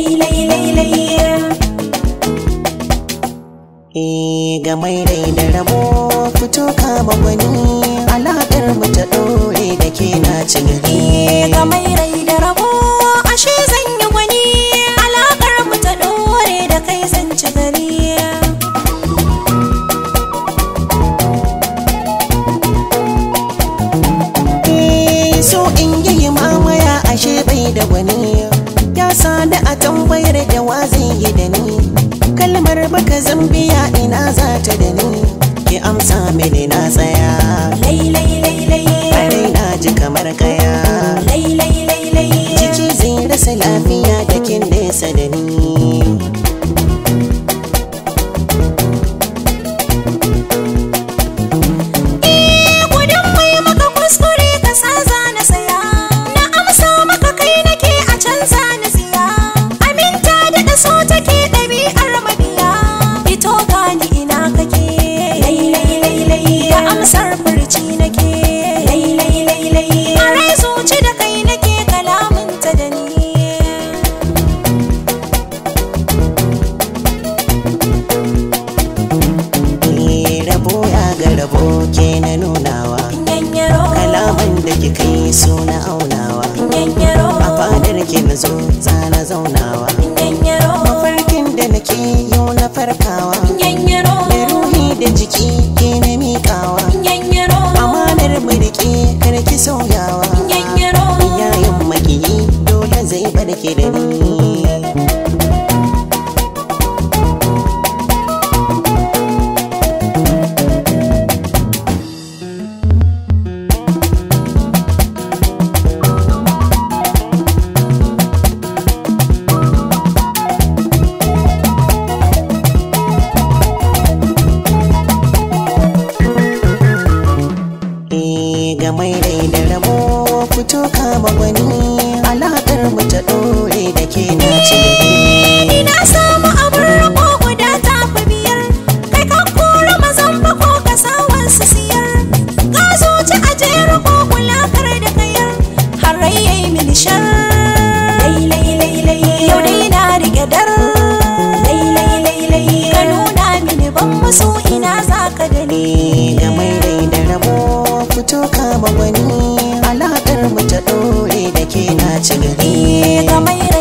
E, ga mai rai da rabo fito kama gwani alaƙar mu ta ɗore da ke na cigari. E, ga mai da rabo ashe zan yi gwani alaƙar mu ta ɗore da kai zan ci gari e, so in yi mamaya ashe bai da gwani bayar da wazin yi da ni kalmar baka zambiya ina za ta da ni ki amsa mini na tsaya so na aunawa a fadar ke na zo zana zaunawa mafarkin da nake yau na farkawa da ruhi da jiki ke na miƙawa amanar mu da ke karki sauyawa yayin makiyi dole zai barke da ni tuka ba wani alaƙar mu ta ɗore da ke na ce na samu abin rabo guda ta fi biyar kai ka kura mazan bako ka sawan su siyar ka zuci a jera ko kulakar da kayar har rayyai mini shar yau dai na riƙe dar ka nuna mini ban maso ina za ka da ni ta ɗore da ke na ci gari. Kamar